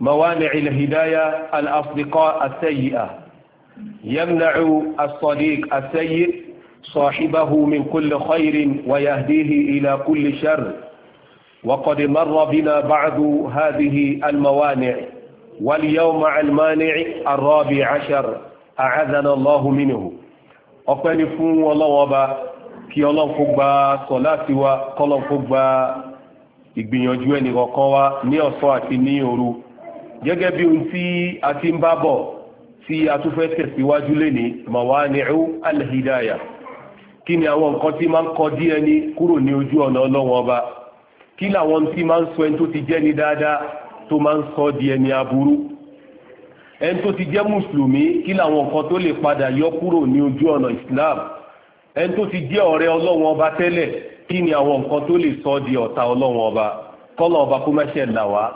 موانع الهداية الأصدقاء السيئة يمنع الصديق السيء صاحبه من كل خير ويهديه إلى كل شر وقد مر بنا بعض هذه الموانع واليوم مع المانع الرابع عشر أعاذنا الله منه ọpẹ́ni fún ọlọ́wọ́ ọba kí ọlọ́run kó gba sọ̀láàtì wa kọ́lọ́run kó gba ìgbìyànjú ẹnìkọ̀ọ̀kan gẹ́gẹ́ bí ohun tí a ti ń bá bọ̀ tí a tún fẹ́ tẹ̀síwájú lẹ́ni mawani'u alhidaya kí ni àwọn nǹkan tí máa ń kọ díẹ̀ ní kúrò ní ojú ọ̀nà ọlọ́run ọba kí làwọn tí máa ń sọ ẹni tó ti jẹ́ ni dáadáa tó máa ń sọ di ẹni aburú ẹni tó ti jẹ́ mùsùlùmí kí làwọn nǹkan tó lè padà yọ kúrò ní ojú ọ̀nà islam ẹni tó ti jẹ́ ọ̀rẹ́ ọlọ́run ọba tẹ́lẹ̀ kí ni àwọn nǹkan tó lè sọ di ọ̀tá ọlọ́run ọba kọ́lọ̀ ọba kó má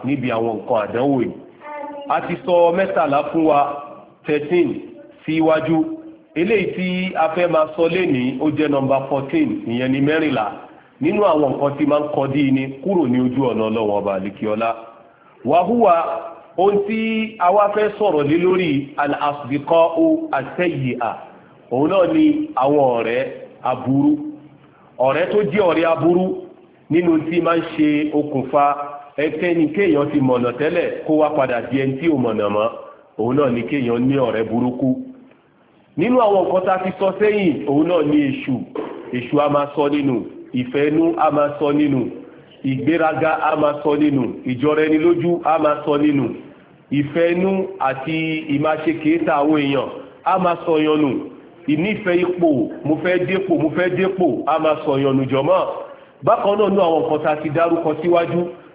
níbi àwọn nǹkan àdánwò yìí a ti sọ mẹ́tàlá fún wa thirteen sí iwájú eléyìí tí a fẹ́ máa sọ lénìí ó jẹ́ nọmba fourteen ìyẹn ní mẹ́rìnlá nínú àwọn nǹkan tí máa ń kọ́ dí ni kúrò ní ojú ọ̀nà ọlọ́wọ́n ọba àlekíọ́lá wàhúwa ohun tí a wá fẹ́ sọ̀rọ̀ lé lórí al-asbikọ́ o àtẹ̀yìá òun náà ni àwọn ọ̀rẹ́ aburú ọ̀rẹ́ tó jẹ́ ọ̀rẹ́ aburú nínú tí máa ń ṣe okùnfà ẹ̀tẹ́ ni kéèyàn ti mọ̀nà tẹ́lẹ̀ kó wá padà di ẹni tí ò mọ̀nà mọ́ òun náà ni kéèyàn ní ọ̀rẹ́ burúkú nínú àwọn nǹkan tá a ti sọ sẹ́yìn òun náà ni èṣù èṣù a máa sọ nínú ìfẹ́nú a máa sọ nínú ìgbéraga a máa sọ nínú ìjọra ẹni lójú a máa sọ nínú ìfẹ́nú àti ìmáṣe kéétà àwọn èèyàn a máa sọ yanu ìnífẹ̀ẹ́ ipò mo fẹ́ dépò mo fẹ́ dépò a máa sọ yanu jọ̀mọ́ bákan náà ní àwọn nǹkan tá a dárúkọ síwájú si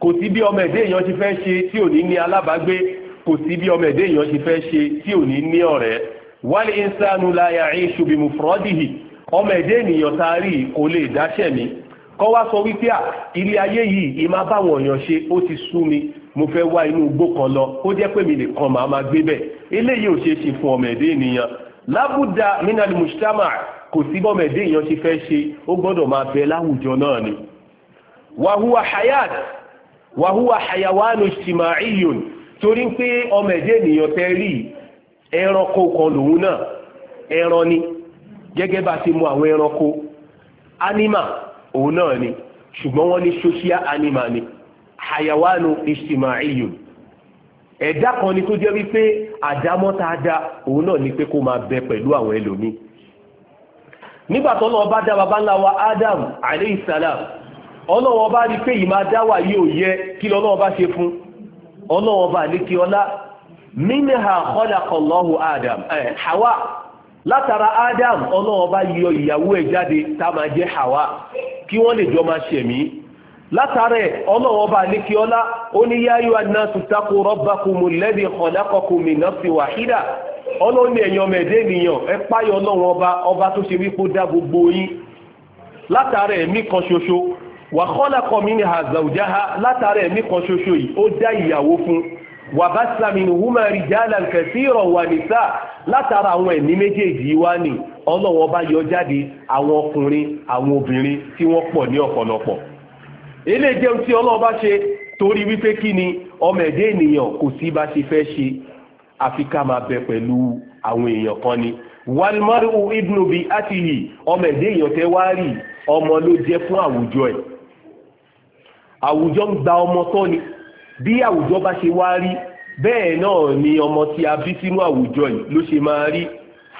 kò sí bí ọmọ ẹ̀dẹ́ èèyàn ti fẹ́ ṣe tí ò ní ní alábàágbé kò sí bí ọmọ ẹ̀dẹ́ èèyàn ti fẹ́ ṣe tí ò ní ní ọ̀rẹ́ wal insanu la ya'ishu bi mufradihi ọmọ ẹ̀dẹ́ ènìyàn tá a rí kò lè dáṣẹ́ mi kọ́ wá sọ wípé à ilé ayé yìí ìmá báwọn èèyàn ṣe ó ti sú mi mo fẹ́ wá inú igbó kan lọ ó jẹ́ pé mi nìkan màá máa gbé bẹ̀ eléyìí ò ṣeé ṣe fún ọmọ ẹ̀dẹ́ ènìyàn lábúdá minal mujtama kò sí bọ́mọ ẹ̀dẹ́ èèyàn ti fẹ́ ṣe ó gbọ́dọ̀ máa bẹ láwùjọ náà ni wàhùwà hayat wàhúwà hayawanu shima'iyun torí pé ọmọ ẹ̀dẹ́ ènìyàn tẹ́ rí ẹranko kan lòun náà ẹran ni gẹ́gẹ́ bá ti mú àwọn ẹranko anima òun náà ni ṣùgbọ́n wọ́n ní social anima ni hayawanu ishtima'iyun ẹ̀dá kan ni tó jẹ́ wípé àdámọ́tàdá òun náà ni pé kó máa bẹ pẹ̀lú àwọn ẹlòmíì nígbà tó bá dá baba ńlá wa Adam aleyhisalaam ọlọ́wọ́n bá rí pé ìmá dáwà yóò yẹ kí lọ́wọ́n bá ṣe fún ọlọ́wọ́n bá ní kí ọlá minha khalaqallahu adam ẹ̀ hawa látara adam ọlọ́wọ́n bá yọ ìyàwó ẹ̀ jáde ma máa hawa kí wọ́n lè jọ máa ṣẹ̀mí látara ẹ̀ bá ní kí ọlá ó ní ẹ ọba wa khalaqa minha zawjaha látara ẹ̀mí kan ṣoṣo yìí ó dá ìyàwó fún wa bassa minhuma rijalan kathiran wa nisaa látara àwọn ẹ̀mí méjèèjì wá ní ọlọ́wọ́n bá yọ jáde àwọn ọkùnrin àwọn obìnrin tí wọ́n pọ̀ ní ọ̀pọ̀lọpọ̀ eléyìí jẹun tí ọlọ́wọ́n bá ṣe torí wípé kí ni ọmọ ẹ̀dẹ́ ènìyàn kò sí bá ṣe fẹ́ ṣe àfi ká máa bẹ pẹ̀lú àwọn èèyàn kan ni walmaru ibnu bi atihi ọmọ ẹ̀dẹ́ èèyàn tẹ́ wá rí ọmọ ló jẹ́ fún àwùjọ ẹ̀ àwùjọ ń gba ọmọ tọ́ ni bí àwùjọ bá ṣe wá rí bẹ́ẹ̀ náà ni ọmọ tí a bí sínú àwùjọ yìí ló ṣe máa rí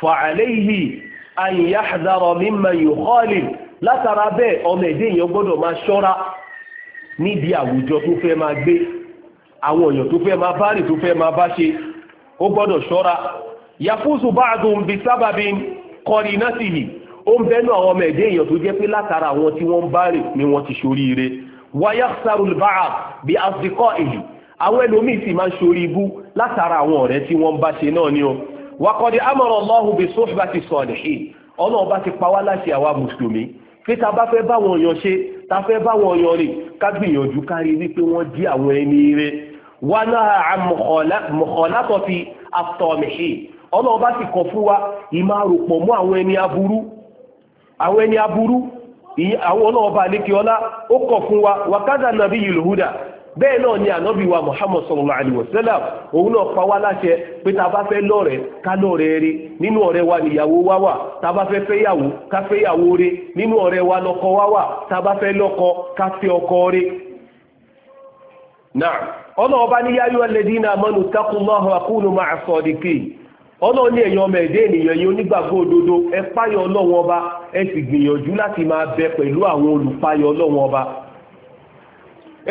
fa alayhi an yahdhara mimman yukhalil látara bẹ́ẹ̀ ọmọ ẹ̀dẹ́ èèyàn gbọ́dọ̀ máa ṣọ́ra níbi àwùjọ tó fẹ́ máa gbé àwọn èèyàn tó fẹ́ máa bá rìn tó fẹ́ máa bá ṣe ó gbọ́dọ̀ ṣọ́ra yafusu ba'dhum bi sababin qarinatihi ó ń bẹ́nu àwọn ọmọ ẹ̀dẹ́ èèyàn tó jẹ́ pé látara àwọn tí wọ́n ń bá rìn ni wọ́n ti ṣoríire wáyàkṣàrù báà bí afrikọ́ èyí àwọn ẹlòmíì sì máa ń ṣorí ibú látara àwọn ọ̀rẹ́ tí wọ́n ń bá ṣe náà ni o wakọ̀dé amọ̀rọ̀ ọlọ́hùn bí sóhùbá ti sọ̀lìhìn ọlọ́run bá ti pa wá láṣẹ àwa mùsùlùmí pé ta bá fẹ́ báwọn èèyàn ṣe ta fẹ́ báwọn èèyàn rìn ká gbìyànjú kárí wípé wọ́n jí àwọn ẹni rẹ̀ wá náà àmọ̀kànlátọ̀ fi àtọ̀mìṣe ọlọ́run bá ti kọ̀ fún wa ìmárùpọ̀ àwọn ọlọ́ọ̀bá alékè ọlá ó kọ̀ fún wa wàkádà nàbí yìlúhúdà bẹ́ẹ̀ náà ni ànábì wa muhammad sallallahu alayhi wa òun náà pa wá láṣẹ pé ta bá fẹ́ ká rí nínú ọ̀rẹ́ wa níyàwó wá wà ta bá fẹ́ fẹ́yàwó ká fẹ́yàwó rí nínú ọ̀rẹ́ wa lọ́kọ wá wà tá bá fẹ́ lọ́kọ ká fẹ́ ọkọ rí. ọlọ́ọ̀bá ní ọlọ́run ní ẹ̀yin ọmọ ẹ̀dẹ́ ènìyàn yìí onígbàgbọ́ òdodo ẹ páyọ ọlọ́run ọba ẹ sì gbìyànjú láti máa bẹ pẹ̀lú àwọn olùpáyọ ọlọ́run ọba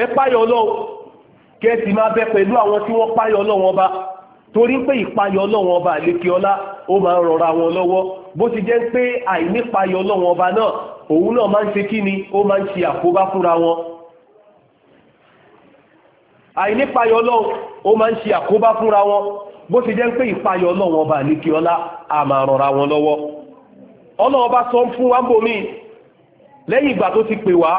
ẹ páyọ ọlọ́run kí ẹ sì máa bẹ pẹ̀lú àwọn tí wọ́n páyọ ọlọ́run ọba torí pé ìpayọ ọlọ́run ọba àlekè ọlá ó máa ń rọra wọn lọ́wọ́ bó ti jẹ́ pé àìnípayọ ọlọ́run ọba náà òun náà máa ń ṣe kí ni ó máa ń ṣe àkóbá fúnra wọn àìnípayọ ọlọ́run ó máa ń ṣe àkóbá fúnra wọn bó ṣe jẹ́ pé ìpayọ̀ ọlọ́run ọba àlékè ọlá a rọra wọn lọ́wọ́ ọlọ́run ọba sọ fún wa lẹ́yìn ìgbà tó ti pè wá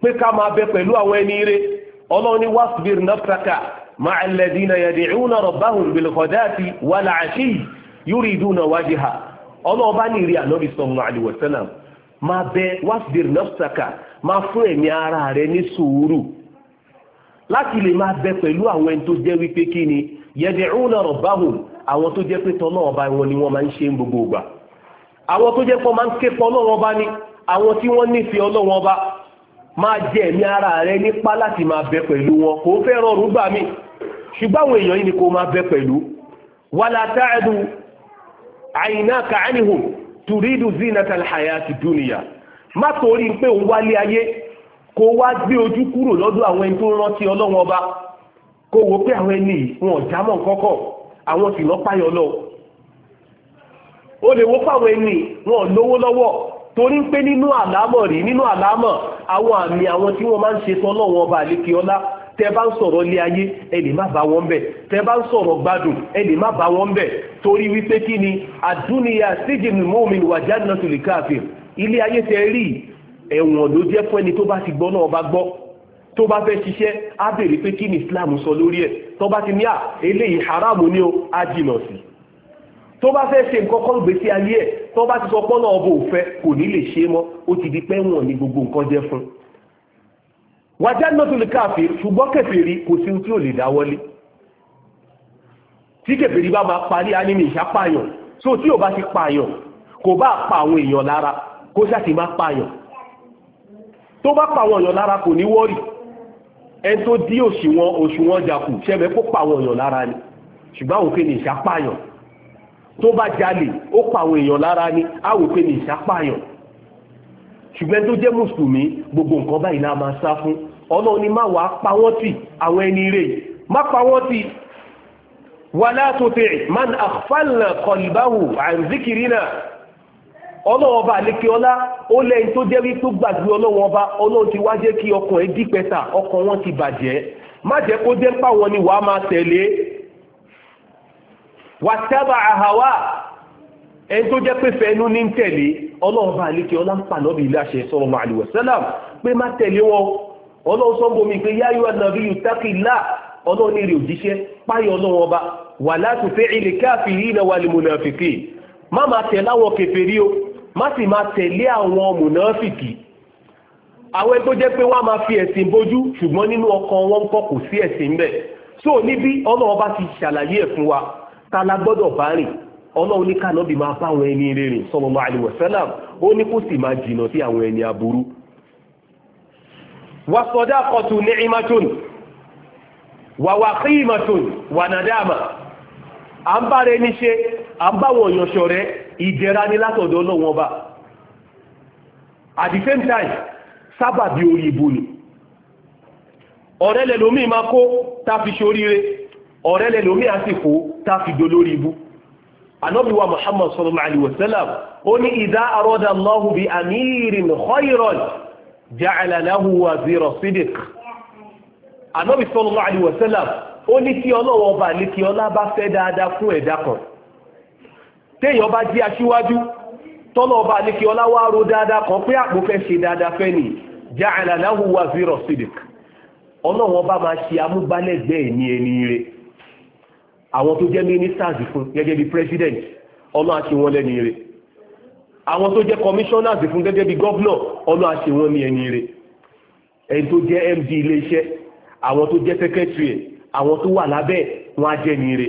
pé ká máa bẹ pẹ̀lú àwọn ire nafsaka ma'a alladhina yad'una rabbahum bilghadati wal 'ashiyyi yuriduna wajha ọlọ́run ọba ní ìrì ànábì máa bẹ wasbir nafsaka máa fún ẹ̀mí ara ní sùúrù láti lè máa bẹ pẹ̀lú àwọn ẹni tó ni yẹ̀dẹ̀rún náà rabbahum àwọn tó jẹ́ pé tọ́lọ́ ọba wọn ni wọ́n máa ń ṣe ń gbogbo ìgbà àwọn tó jẹ́ pọ́ máa ń ké pọ́ lọ́wọ́ ọba ni àwọn tí wọ́n nífẹ̀ẹ́ ọlọ́wọ́ ọba máa jẹ́ ẹ̀mí ara rẹ nípa láti máa bẹ pẹ̀lú wọn kò fẹ́ rọrùn gbà mí ṣùgbọ́n àwọn èèyàn yìí ni kò máa bẹ kó wo pé àwọn ẹni wọn ọ̀já mọ̀ kọ́kọ́ àwọn sì lọ páyọ̀ lọ ó lè wo fáwọn ẹni wọn lówó lọ́wọ́ torí pé nínú àlámọ̀ rí nínú àlámọ̀ àwọn àmì àwọn tí wọ́n máa ń ṣe tọ́lọ́wọ́n ọba àlékè ọlá tẹ bá ń sọ̀rọ̀ ilé ayé ẹ lè má bá wọn bẹ̀ tẹ bá ń sọ̀rọ̀ gbádùn ẹ má bá wọn bẹ̀ torí wípé kí ni àdúnìyà síjìnì mọ́mìn wà jáde náà tó lè káàfin ilé ayé tẹ rí ẹ̀wọ̀n ló jẹ́ fún ẹni tó bá ti gbọ́ náà bá gbọ́ tó bá fẹ́ ṣiṣẹ́ á bèèrè pé kí ni islam sọ lórí ẹ̀ tó bá ti ní à eléyìí haram ni ó á jìnà sí tó bá fẹ́ ṣe nǹkan kọ́ gbèsè ayé ẹ̀ tó bá ti sọ pọ́nà ọbọ̀ òfẹ́ kò ní lè ṣe mọ́ ó ti di pẹ́wọ̀n ní gbogbo nǹkan jẹ́ fún wàjá náà tó ṣùgbọ́n kèfèrí kò sí tí ò lè dáwọ́lé tí kèfèrí bá máa parí á nínú ìṣàpààyàn so tí ò bá ti pààyàn kò bá pa àwọn èèyàn lára kó ṣáà pààyàn tó bá pa àwọn èèyàn lára kò ní wọ́rì ẹ tó dí òṣùwọ̀n òṣùwọ̀n jàkù ṣẹ́mẹ́ kó pa àwọn èèyàn lára ni ṣùgbọ́n àwọn òkè ní ìṣàpààyàn tó bá jalè ó pa àwọn èèyàn lára ni àwọn òkè ní ìṣàpààyàn ṣùgbọ́n tó jẹ́ mùsùlùmí gbogbo nǹkan báyìí la máa sá fún ọlọ́run ni má wàá pa wọ́n tì àwọn ẹni rè má pa wọ́n tì wàlá tó tẹ̀ man àfàlà kọ̀lìbáwò àǹzíkìrínà ọlọ́wọ́n ọba àlékè ọlá ó lẹ́yìn tó jẹ́ wí tó gbàgbé ọlọ́wọ́n ọba ọlọ́run ti wá jẹ́ kí ọkàn ẹ dípẹ́ta ọkàn wọn ti bàjẹ́ má jẹ́ kó jẹ́ wọn ni wàá máa tẹ̀lé àhàwà ẹni tó jẹ́ pé fẹ́ẹ́nu ní ń tẹ̀lé àlékè ọlá ń pé má tẹ̀lé wọn ọlọ́run sọ bomi pé wà o má sì máa tẹ̀lé àwọn mùnáfìkì àwọn ẹgbẹ́ jẹ́ pé wọ́n fi ẹ̀sìn bójú ṣùgbọ́n nínú ọkàn wọn kọ́ kò sí ẹ̀sìn bẹ́ẹ̀ so níbi ọlọ́run bá ti ṣàlàyé ẹ̀ fún wa ta la gbọ́dọ̀ bá rìn ọlọ́run ní kànáàbì máa bá àwọn ẹni rere sallallahu alaihi wasallam ó ní kó sì máa jìnà sí ẹni aburú ìdẹ̀ra ní látọ̀dọ̀ ọlọ́wọ́n bá at the same time sábàbí orí ìbò ni ọ̀rẹ́lẹ̀ lómi máa kó tá fi ṣe oríire ọ̀rẹ́lẹ̀ lómi àsìkò tá fi do lórí ìbò Ànábì wa Muhammad sallallahu alaihi wasallam ó ní idha arada Allahu bi amirin khayran ja'ala lahu wazira sidiq Ànábì sallallahu téèyàn bá jí aṣíwájú tọ́lọ̀ ọba àlékè ọlá wá ro dáadáa kan pé àpò fẹ́ ṣe dáadáa fẹ́ nì ja'ala lahu wazira sidik ọlọ́wọ́n bá máa ṣe amúgbálẹ́gbẹ̀ẹ́ ní ẹni ire àwọn tó jẹ́ ministers fún gẹ́gẹ́ bí president ọlọ́ àti wọn lẹ́ni ire àwọn tó jẹ́ commissioners fún gẹ́gẹ́ bí governor ọlọ́ àti wọn ní ẹni ire ẹni tó jẹ́ md iléeṣẹ́ àwọn tó jẹ́ secretary àwọn tó wà lábẹ́ wọn á jẹ́ ni ire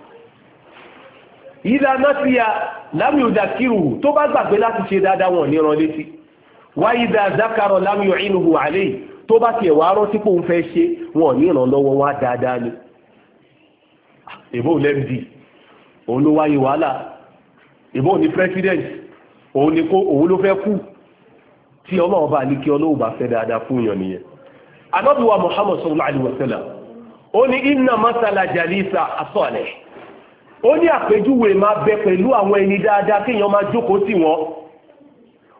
ìdá nọ́síya lámì òdà kírùhù tó bá gbàgbé láti ṣe dáadáa wọn ní ọ̀rọ̀ létí wá ìdá zákàrọ̀ lámì òhìnùhù àlẹ́ tó bá tiẹ̀ wá rọ́ sípò ń fẹ́ ṣe wọn ní ìrànlọ́wọ́ wá dáadáa ni ìbò lẹ́mdì òun ló wáyé wàhálà ìbò ní president òun ni kó òun ló fẹ́ kú tí ọlọ́ọ̀bá ní kí ọlọ́ọ̀ bá fẹ́ dáadáa fún yàn nìyẹn anábìwá Muhammad sallallahu alaihi wa sallam ó ní inna masala jalisa asọ́ọ̀lẹ̀ ó ní àpèjúwe máa bẹ pẹ̀lú àwọn ẹni dáadáa kéèyàn máa jókòó sí wọn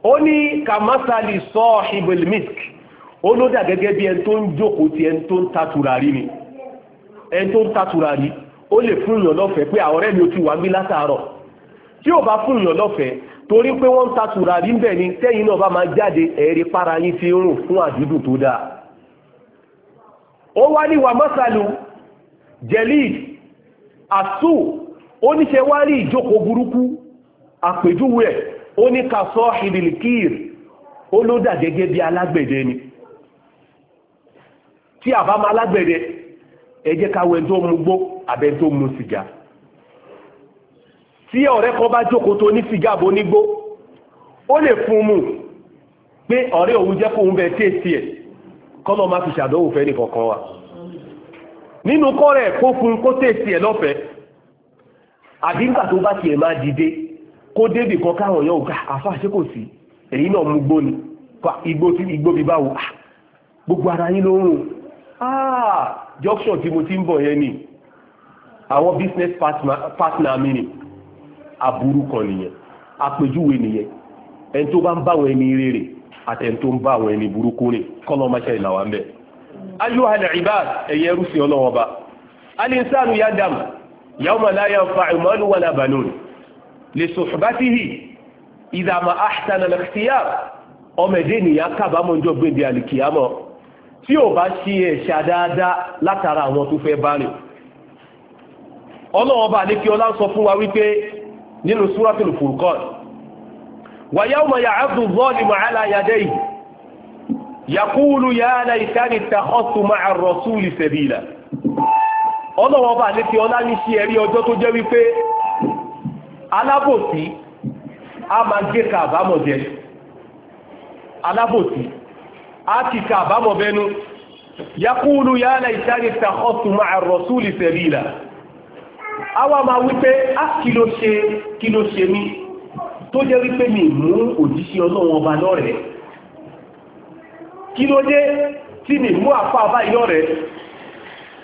ó ní kàmásàlì sọ ka masali ó ló dà gẹ́gẹ́ bí ẹni tó ń jókòó ti ẹni tó ń ta en ni ẹni tó ń ta tùràrí ó lè fún ìyàn lọ́fẹ̀ẹ́ pé àwọn ọ̀rẹ́ mi ò ti wà gbi látàárọ̀ tí ò bá fún ìyàn lọ́fẹ̀ẹ́ torí pé wọ́n ń ta tùràrí ń ni tẹ́yìn náà bá máa jáde ẹ̀rí para yín ti rùn fún àdúdù tó dáa ó wá ní wàmásàlù jẹ̀líd àsù ó ní ṣe wá rí ìjókòó burúkú àpèjúwe ẹ̀ ó ní ká sọ ìdìlìkìr ó ló dà gẹ́gẹ́ bí alágbẹ̀dẹ ni tí àbá máa alágbẹ̀dẹ ẹ jẹ́ ká wẹ́n tó mu gbó àbẹ́ tó mu sìgá tí ọ̀rẹ́ kan bá jókòó tó ní sìgá àbó nígbó ó lè fún mu pé ọ̀rẹ́ òun jẹ́ kóun bẹ téèsì ẹ̀ kọ́lọ́ máa fi ṣàdánwò fẹ́ nìkọ̀ọ̀kan wa nínú kọ́rẹ̀ kó fún kó téèsì ẹ̀ lọ́fẹ̀ẹ́ àbí nígbà tó bá tiẹ̀ máa dìde kó débì kan káwọn yóò gbà àfáà ṣé kò sí èyí náà mú ni igbó tí igbó ah, gbogbo ara yín ló ń rùn ah, junction tí mo ti ń bọ̀ yẹn ni àwọn business partner, mi ni aburú kan nìyẹn àpèjúwe nìyẹn ẹni tó bá ń bá àwọn ẹni rere tó ń bá àwọn ẹni burúkú kọ́lọ́ ìlàwà ń bẹ̀. ìbáà ẹ̀yẹ rúṣin alinsanu yawma la yanfa'u malun wala banun li suhbatihi idha ma ahsana al-ikhtiyar ọmọdé nìyà kábàámọ̀ ọjọ́ gbèdé àlìkìyàmọ̀ tí ò bá ṣe ẹ̀ṣà dáadáa látara àwọn tó fẹ́ bá rìn ọlọ́wọ́ bá ní kí ọlá ń sọ fún wa wípé nínú súratul ọlọ́wọ́ bá ní fi ọlá ní sí ẹ̀rí ọjọ́ tó jẹ́ wípé alábòsí a máa gé ka àbámọ̀ jẹ alábòsí a ti ka àbámọ̀ bẹnu yakúlù ya laitani takhasu ma'a rasuli sabila a wá máa wípé a ah, kí ló ṣe kí ló ṣe mí tó jẹ́ wípé mi mú òjíṣẹ́ ọlọ́wọ́ bá lọ́rẹ̀ẹ́ kí ló dé tí mi mú àfáàfá ìyọ́ rẹ̀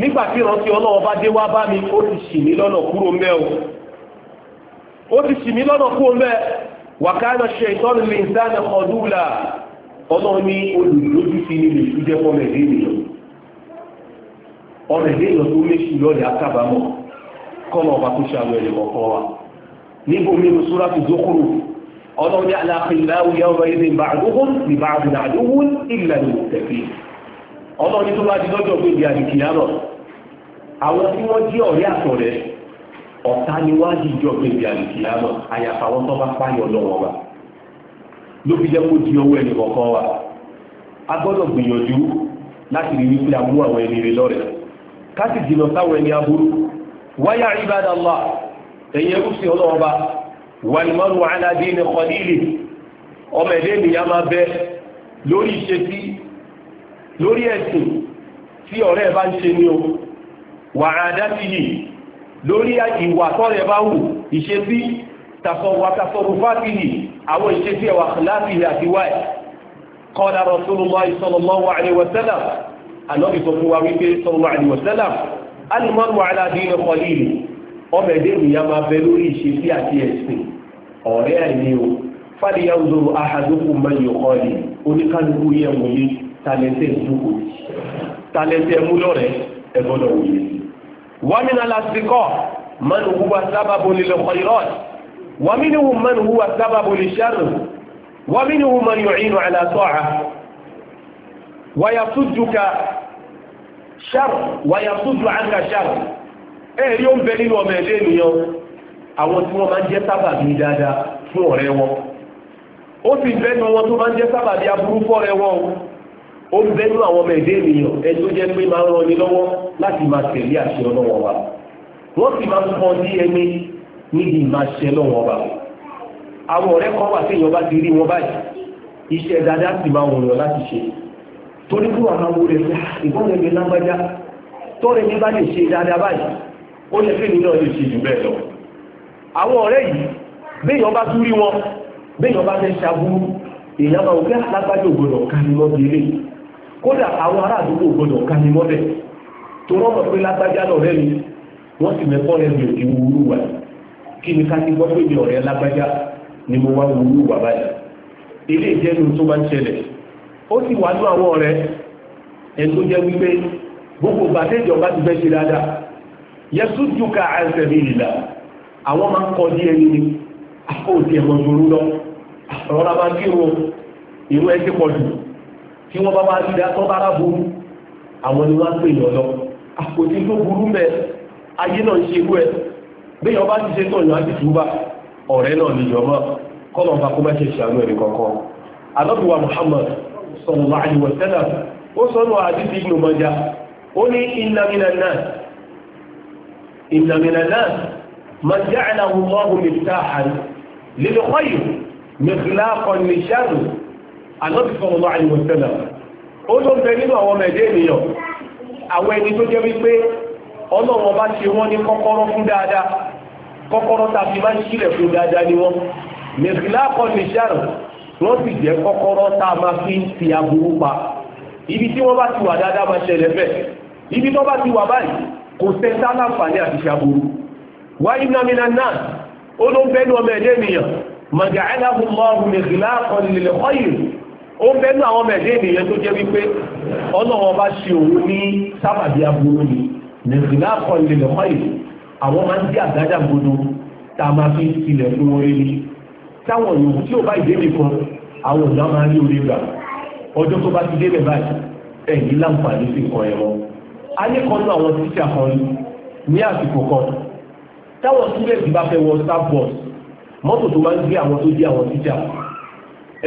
nígbà tí ìrántí ọlọ́wọ́ bá dé wá bá mi ó ti ṣì mí lọ́nà kúrò mẹ́ o ó ti ṣì mí lọ́nà kúrò mẹ́ wàkánà ṣe ìtọ́nu lè dáná ọdúnlà ọlọ́run ní olùdójú sí ní lè ṣújẹ́ fọmọ ẹ̀dẹ́ ènìyàn ọmọ ẹ̀dẹ́ ènìyàn tó méṣù lọ́ọ̀dẹ̀ akábàámọ̀ kọ́nà ọba tó ṣàlọ́ ẹ̀rẹ̀ kọ̀ọ̀kan wa níbo mímu súra ti dókòrò ọlọ́run ní aláàfin láwùyá ọmọ ẹ̀dẹ́ ìbàdóhùn ìbàdóhùn ìlànà ìtẹ̀fẹ́ ọlọ́run tó bá di lọ́jọ́ pé ìgbé àdìkì àwọn tí wọ́n jí ọ̀rẹ́ àtọ̀rẹ́ ọ̀tá ni wá di ìjọ pé ìgbé àdìkì yàrá àyàfà wọn tó bá páyọ̀ lọ́wọ́ wa ló fi jẹ́ kó di owó ẹnì kọ̀ọ̀kan wa a gbọ́dọ̀ gbìyànjú láti rí wípé a mú àwọn ẹni rẹ lọ́rẹ̀ ká sì jìnnà sáwọn ẹni aburú wáyà ibadallah ẹ̀yẹ lórí ẹ̀sìn tí ọ̀rẹ́ bá ń ṣe ní o wà àdáti yìí lórí ìwà tọ́rẹ bá wù ìṣesí tàfọwàtàfọrùfàtìyì àwọn ìṣesí ẹwà láàfihì àti wáì kọ́lá Rasulullah sallallahu alaihi wa sallam ànábì sọ fún wa wípé sallallahu alaihi wa sallam alìmọ́nù ala dini qalili ọmọ ẹ̀dẹ́ ènìyàn máa bẹ lórí ọ̀rẹ́ ẹ̀ yẹ̀ wòye tàlẹ́tẹ̀ ìdúkò tàlẹ́tẹ̀ mú lọ́rẹ̀ ẹgbọ́dọ̀ wòye wàmínà lásìkọ́ man huwa sábàbò lil khairat wàmínìwò man huwa sábàbò lishar wàmínìwò man yu'inu ala ta'a wàyàtújùka ṣar wàyàtújù àǹkà ṣar ẹ̀rí ó ń bẹ nínú ọmọ ẹ̀dẹ́ ènìyàn àwọn tí wọ́n máa ń jẹ́ sábàbí dáadáa fún ọ̀rẹ́ wọn ó bẹ́nu wọn tó máa ń jẹ́ sábàbí aburú fọ́rẹ́ wọn ó ń bẹ́nu àwọn ọmọ ẹ̀dẹ́ ènìyàn ẹni jẹ́ pé máa ń ràn ní lọ́wọ́ láti máa tẹ̀lé àṣẹ ọlọ́wọ́ wa wọ́n sì máa ń kọ́ ẹni níbi ìmáṣẹ lọ́wọ́ wa àwọn ọ̀rẹ́ kan wà ti rí wọn báyìí iṣẹ́ dáadáa sì máa wọ̀nyàn láti ṣe torí fún àwọn amú rẹ̀ fún ah, ìbọ̀nrẹ̀ mi lágbájá tọ́rẹ̀ mi bá lè ṣe dáadáa báyìí ó lè fẹ́ mi náà ṣe jù bẹ́ẹ̀ lọ àwọn ọ̀rẹ́ yìí béèyàn bá tún rí wọn béèyàn bá fẹ́ kódà àwọn ará àdúgbò gbọdọ̀ ká ní mọ́bẹ̀ tó rọ́mọ̀ pé lágbájá lọ rẹ́ni wọ́n sì mẹ́kọ́ rẹ̀ mi ò ti kí ni ká ti gbọ́ pé ọ̀rẹ́ lágbájá ni mo wá wúrú wà báyìí ilé ìjẹ́nu tó bá ń ṣẹlẹ̀ ó sì wà ní àwọn ọ̀rẹ́ ẹ̀ tó jẹ́ wípé gbogbo gbàtẹ́jọ bá ti fẹ́ ṣe dáadáa yẹsùn ju ká àìsàn mi ìlà àwọn máa tí wọ́n bá bá rí dá tọ́ bára burú àwọn ni wọ́n pè yàn lọ àpòtí ah, tó burú mẹ́ ayé náà ṣe irú ẹ̀ béèyàn bá ti ṣe tọ̀ yàn túbà ọ̀rẹ́ náà ni yọmọ kọ́nà bá kó má ṣe ṣàánú ẹ̀rí kankan alábùwà Muhammad sallallahu alaihi wa ànábì sallallahu alaihi wasallam ó ló ń bẹ nínú àwọn ọmọ ẹ̀dẹ́ ènìyàn àwọn ẹni tó jẹ́ wípé ọlọ́wọ́n bá ṣe wọ́n ní kọ́kọ́rọ́ fún dáadáa kọ́kọ́rọ́ tàbí máa ń sílẹ̀ fún dáadáa ni wọ́n mẹ́sìláàkọ́ lè ṣàrùn wọ́n sì jẹ́ kọ́kọ́rọ́ tá a máa fi ti aburú pa ibi tí wọ́n bá ti wà dáadáa máa ṣẹlẹ̀ bẹ́ẹ̀ ibi tó bá ti wà báyìí kò sẹ́ńtà láǹfààní àti ṣàbùrú wáyé nàmínà náà ó ló ń bẹ́nu ọmọ ẹ̀dẹ́ ènìyàn màgàẹ́lá ó ń bẹ́nu àwọn ọmọ ẹ̀dẹ́ ènìyàn tó jẹ́ wípé ọlọ́wọ́n bá ṣe òun ní sábàbí aburú ni nìgbìnà kan lè lọ́kọ́ yìí àwọn máa ń dí àdájà gbogbo tá a máa fi tilẹ̀ fún wọn rí ni táwọn yòówù tí ó bá ìdébì kan àwọn ọ̀dọ́ máa ń rí orí gbà ọjọ́ tó bá ti débẹ̀ báyìí ẹ̀yìn láǹfààní sí nǹkan ẹ̀rọ ayé àwọn tíṣà kan ní àsìkò kan táwọn sílẹ̀sì bá fẹ́ wọ star bus mọ́tò tó máa ń gbé àwọn tó jẹ́ àwọn tíṣà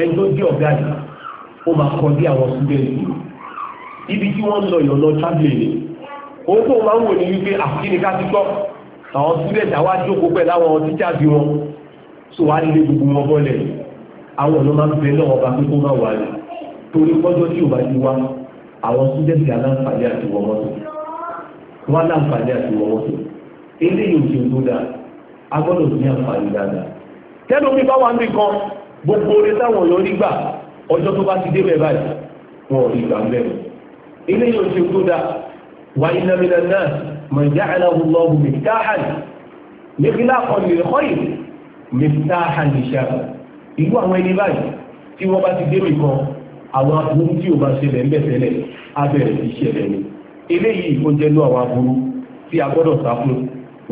ẹni tó jẹ́ ọ̀gá yìí ó máa kọ dé àwọn students ibi tí wọ́n ń lọ ìlọ́lọ́ traveling ni òun tó máa ń wò ní wípé àfikíni ah, ká ti gbọ́ àwọn students àwa jókòó pẹ̀lú àwọn tíjà bí wọn so wá nílé gbogbo wọn bọ́lẹ̀ àwọn ọ̀nà máa ń bẹ náà ọba pé kó má wà ní torí pọ́jọ́ tí ò bá ti wá àwọn students aláǹfààní àti wọ́n mọ́tò wọ́n aláǹfààní àti wọ́n mọ́tò eléyìí ò ṣe tó dáa a gbọ́dọ̀ ní àǹfààní dáadáa tẹ́lómi bá wà níbi kan gbogbo orin táwọn ọ̀yọ́ nígbà ọjọ́ tó bá ti dé bẹ́ẹ̀ báyìí wọn ò rí ìgbà ń bẹ̀rù ilé yóò ṣe tó dáa wà iná mìíràn náà mọ̀já aláwùlọ́ mìtáhàn nígbìlá kan lè kọ́yì mìtáhàn ìṣà irú àwọn ẹni báyìí tí wọ́n bá ti dé nìkan àwọn aburú tí ò bá ṣẹlẹ̀ ń bẹ̀tẹ̀lẹ̀ abẹ̀rẹ̀ ti ṣẹlẹ̀ ni eléyìí ó jẹ́ lú àwọn aburú tí a gbọ́dọ̀ sá fún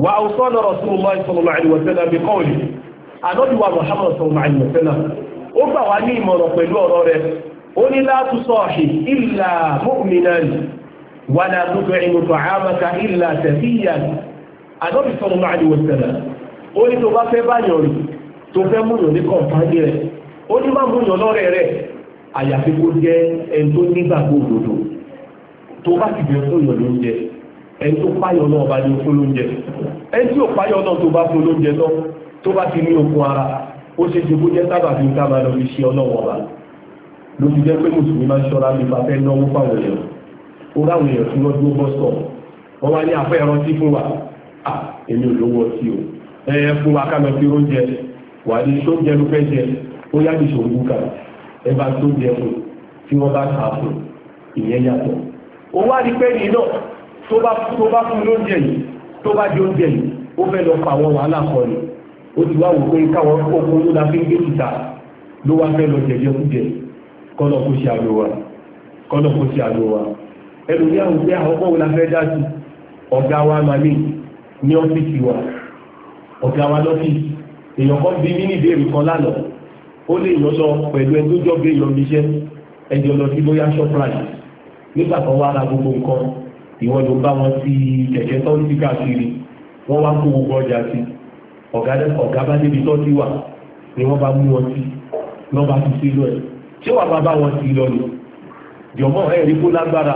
wa awsana rasulullah sallallahu alaihi wa sallam bi qawli ó gbà wá ní ìmọ̀ràn pẹ̀lú ọ̀rọ̀ rẹ̀ ó ní látú sọ́ọ̀ṣì ìlà mọ́kùnmínàn wà látú tó ìmùtọ̀ àmàkà ìlà tẹ̀síyàn àdọ́bì sọ́nù máa ní wọ̀sẹ̀lá ó ní tó bá fẹ́ báyọ̀ rí ẹni tó páyọ̀ náà bá ní fún lóúnjẹ ẹni tí ò páyọ̀ náà tó bá fún lóúnjẹ náà tó bá ti ní okun ara ó ṣe ṣe bó jẹ́ sábà fi sábà lọ fi ṣe ọlọ́wọ́ ọba ló ti jẹ́ pé mùsùlùmí máa ń ṣọ́ra bí bá fẹ́ náwó fáwọn èèyàn ó ráwọn èèyàn tí wọ́n dúró bọ́ sọ̀ wọ́n wá ní afẹ́ ẹrántí fún wa èmi ò lówó ọtí o ẹ fún wa ká lọ fi oúnjẹ wà ní tó ń jẹ ló fẹ́ jẹ ó yá ní ìṣòwò kan ẹ bá tó jẹ fún tí wọ́n bá ta fún ìyẹn yàtọ̀ ó wá ní pé yìí náà tó bá fún lóúnjẹ yìí tó bá jẹ oúnjẹ yìí ó fẹ́ lọ pa àwọn wàhálà ó ti wá wò pé káwọn ọkọ̀ ló la fi ń gbé ìta ló wá fẹ́ lọ jẹjẹ kújẹ kọ́nà kó ṣe àlò wa kọ́nà kó ṣe àlò wa ẹnu ní àwọn pé àwọn ọkọ̀ la fẹ́ dá sí ọ̀gá wa máa ní ní ọ́fíìsì wa ọ̀gá wa lọ́fíìsì èèyàn kan bí mí níbèrè kan lánàá ó lè yàn lọ pẹ̀lú ẹni tó jọ́ gbé yàn níṣẹ́ ẹjọ́ lọ sí bóyá shoprite nígbà kan wá ra gbogbo nǹkan ìwọ́n ló bá wọn sí kẹ̀kẹ́ tó ti káàkiri wọ́n wá kó gbogbo ọjà sí i ọ̀gá bá débi tó ti wà ni wọ́n bá mú wọn sí wọ́n bá fi sí lọ ẹ̀ ṣé wà bá bá wọn sí lọ ni jọ̀mọ́ ẹ̀ rí kó lágbára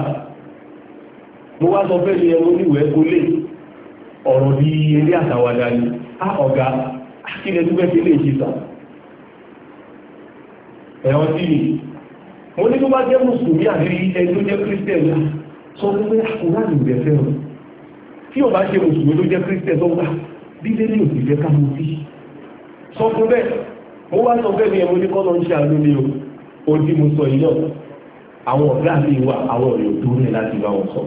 mo wá sọ fẹ́ ni ẹmu níwèé kó lè ọ̀rọ̀ bí eré àtàwádà ni á ọ̀gá kílẹ̀ tó fẹ́ fi lè ṣe sà ẹ̀rọ sí mi mo ní tó bá jẹ́ mùsùlùmí àbí ẹni tó jẹ́ kírísítẹ̀nì sọ fún pé àkùnrin àgbẹ̀ fẹ́ràn tí ọba ṣe mùsùlùmí tó jẹ́ kírísítẹ̀nì tó gbà bíbélì ò sì jẹ́ ká mú sí sọ fún bẹ́ẹ̀ wá sọ bẹ́ẹ̀ ni ẹ̀mú ní kọ́nà ń ṣe àlómi o ó dí mo sọ yìí náà àwọn ọ̀gá mi wà àwọn ọ̀rẹ́ tó rẹ̀ láti bá wọn sọ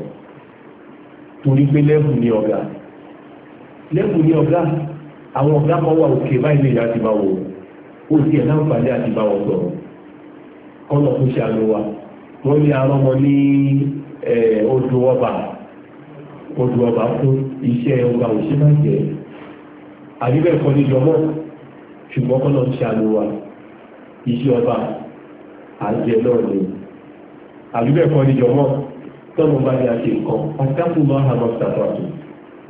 torí pé lẹ́bù ní ọ̀gá lẹ́bù ní ọ̀gá àwọn ọ̀gá kan wà òkè báyìí lè láti bá wọn ó sì ẹ̀ láǹfààní àti bá wọn sọ̀rọ̀ kọ́nà tó ṣe àlọ́ wa wọ́n ní arọ́mọ ní odò ọba odò ọba fún iṣẹ́ ọba òṣèlú àjẹ́ àbíbẹ̀ kan ní ìjọmọ́ ṣùgbọ́n kọ́ náà ń ṣe àlòwà iṣẹ́ ọba àjẹ náà ni àbíbẹ̀ kan ní ìjọmọ́ tọ́nà bá ní àṣẹ nǹkan pàtàkùn máa hàn ọ́sà pàtó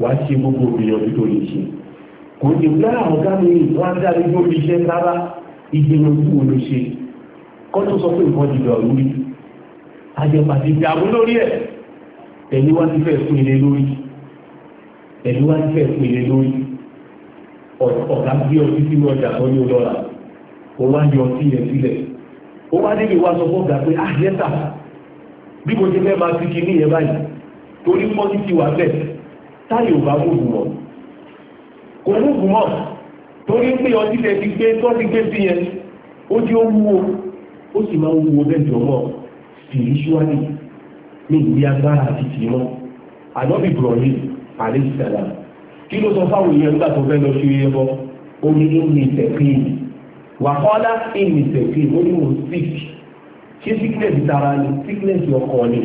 wàá ṣe gbogbo ìgbìyànjú tó lè ṣe kò ní lára ọ̀gá mi wọ́n á dá lójú orí iṣẹ́ rárá ìgbìyànjú wo ló ṣe kọ́ tó sọ pé nǹkan jùlọ lórí àjẹpàtì dààmú lórí ẹ̀ ẹ̀yin wá ti fẹ́ fún ilé lórí ẹ̀yin wá ti fẹ́ fún ilé lórí ọ̀gá gbé ọtí sínú ọjà tó ní ọlọ́ra ó wá yọ ọtí yẹn sílẹ̀ ó wá débi wá sọ fún ọ̀gá pé ah yẹ́ta bí mo ti fẹ́ máa fi kí ní yẹn báyìí torí pọ́ńtì ti wà bẹ́ẹ̀ táyì ò bá gbogbo mọ́ kò gbogbo mọ́ torí pé ọtí tẹ ti gbé tó ti gbé sí yẹn ó di ó wúwo ó sì máa ń wúwo bẹ́ẹ̀ jọ mọ́ spiritually ní ìgbé agbára àti tìmọ́ àdọ́bìbọ̀rọ̀ yìí àlẹ́ ìsàlámù kí ló sọ fáwọn èèyàn nígbà tó fẹ́ lọ sí ẹbọ ó ní ní ìtẹ̀kìn wàhálà ní ìtẹ̀kìn ó ní wọn sick ṣé sickness tara ni sickness ọkọ ni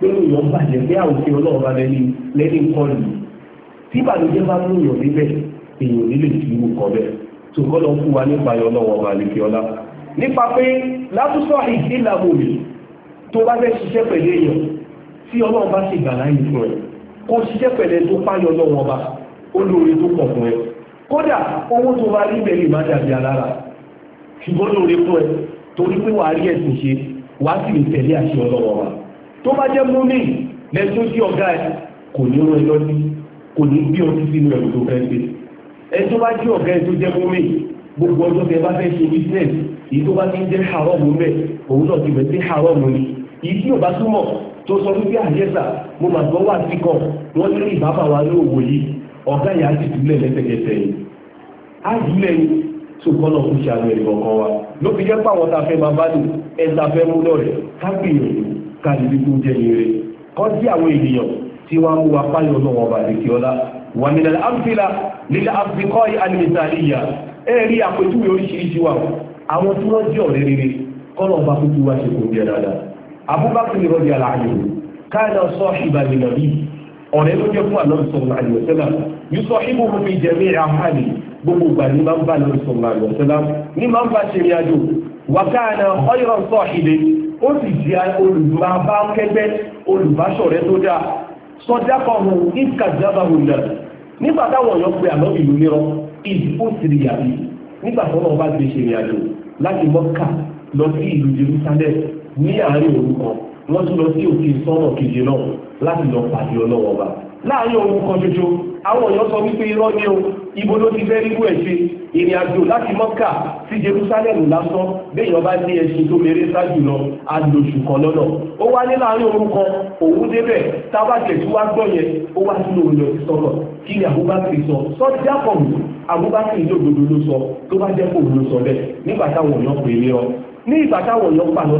pé ó yọ bàjẹ́ pé àwòṣe ọlọ́run bá lẹ́ni lẹ́ni kọ́ ni tí ìbànújẹ́ bá mú yàn níbẹ̀ èèyàn nílé tí mo kọ́ bẹ́ẹ̀ tó kọ́ lọ fún wa nípa ayọ̀ ọlọ́wọ́ ọba àlèkè ọlá nípa pé látúntọ́ ìdílàbò mi tó bá fẹ́ ṣiṣẹ́ pẹ̀lú èèyàn tí ọlọ́run bá ṣègbà láyé fún ẹ̀ kó ṣiṣẹ́ pẹ̀lú ẹ̀ tó páyọ̀ ọlọ́run ọba ó lóore tó pọ̀ fún ẹ kódà owó tó bá rí bẹ̀rẹ̀ má dàbí alára ṣùgbọ́n lóore fún ẹ torí pé wàá rí ẹ̀sìn ṣe wàá sì lè tẹ̀lé àṣẹ ọlọ́wọ́ wa tó bá jẹ́ múmi lẹ́tọ́ sí ọ̀gá ẹ kò ní rán ẹjọ́ sí kò ní bí ọtí sínú ẹ̀rù tó fẹ́ gbé ẹ tó bá jẹ́ ọ̀gá ẹ tó jẹ́ múmi gbogbo ọjọ́ tẹ bá fẹ́ ṣe business èyí tó bá ti jẹ́ haramu mẹ́ òun náà ti bẹ̀ sí haramu ni èyí tí túmọ̀ tó sọ wípé àyẹ́sà mo mà gbọ́ wà sí wọ́n ní ìbábà wa ní òwò yìí ọ̀gá yà á sì dúlẹ̀ lẹ́sẹ̀kẹsẹ̀ yìí á dúlẹ̀ yìí tó kọ́nà fún ṣe àgbẹ̀ wa ló fi jẹ́ páwọn tá a fẹ́ máa bá lò ẹ̀ta fẹ́ mú lọ́rẹ̀ ká gbìyànjú ká lè rí tó jẹ́ ire kọ́ sí àwọn ènìyàn tí wọ́n mú wa páyọ̀ náà wọn bàdé kí ọlá wà ní nàlẹ́ àmfìlà nílẹ̀ àfikọ́ àlìmìtàlìyà ẹ rí àpèjúwe oríṣiríṣi wa àwọn tí wọ́n jẹ́ ọ̀rẹ́ rere kọ́nà ọba tó ti wá ló jẹ́ fún àlọ́ ìsọ̀rọ̀ àyẹ̀wò yusọ ibuhu fi jẹ̀mí àhálì gbogbo ìgbà ní máa ń bá lórí sọ̀rọ̀ àlọ́ sọ́lá ní máa ń bá ṣe ní àjò wàkàna ọ̀yọ̀ sọ̀ ìdè ó sì jẹ́ olùbábá kẹgbẹ́ olùbáṣọ̀rẹ́ tó dáa sọjá kan hù ìkà jábà hù náà nígbà táwọn ọ̀yọ́ pe àlọ́ ìlú nírọ̀ ìdí ó sì rí yàrá nígbà tó náà bá ti ṣe ní àjò láti mọ́kà lọ sí ìlú Jerusalem ní àárín òru kan wọ́n tún lọ sí òkè sọ́nà kejì náà láti lọ pàdé ọlọ́wọ́ bá láàárín òru kan ṣoṣo àwọn èèyàn sọ wípé irọ́ ni o ibo ló ti fẹ́ rírú ẹ̀ ṣe ìrìn àjò láti mọ́kà sí jerusalem lásán béèyàn bá ní ẹṣin tó mèrè ṣáájú lọ àlòṣù kan lọ́nà ó wá ní láàrin orúkọ òun débẹ̀ tábàtẹ̀ tí wá gbọ́ yẹn ó wá sínú òun lọ sí sọ́nà kí ni abubakar sọ sọ́ọ́dí jákọ̀ọ̀mù abubakar ìjọgbọdọ ló sọ tó bá jẹ́ kó òun ló sọ bẹ́ẹ̀ nígbà táwọn èèyàn pè é lé ọ ní ìgbà táwọn èèyàn pàlọ́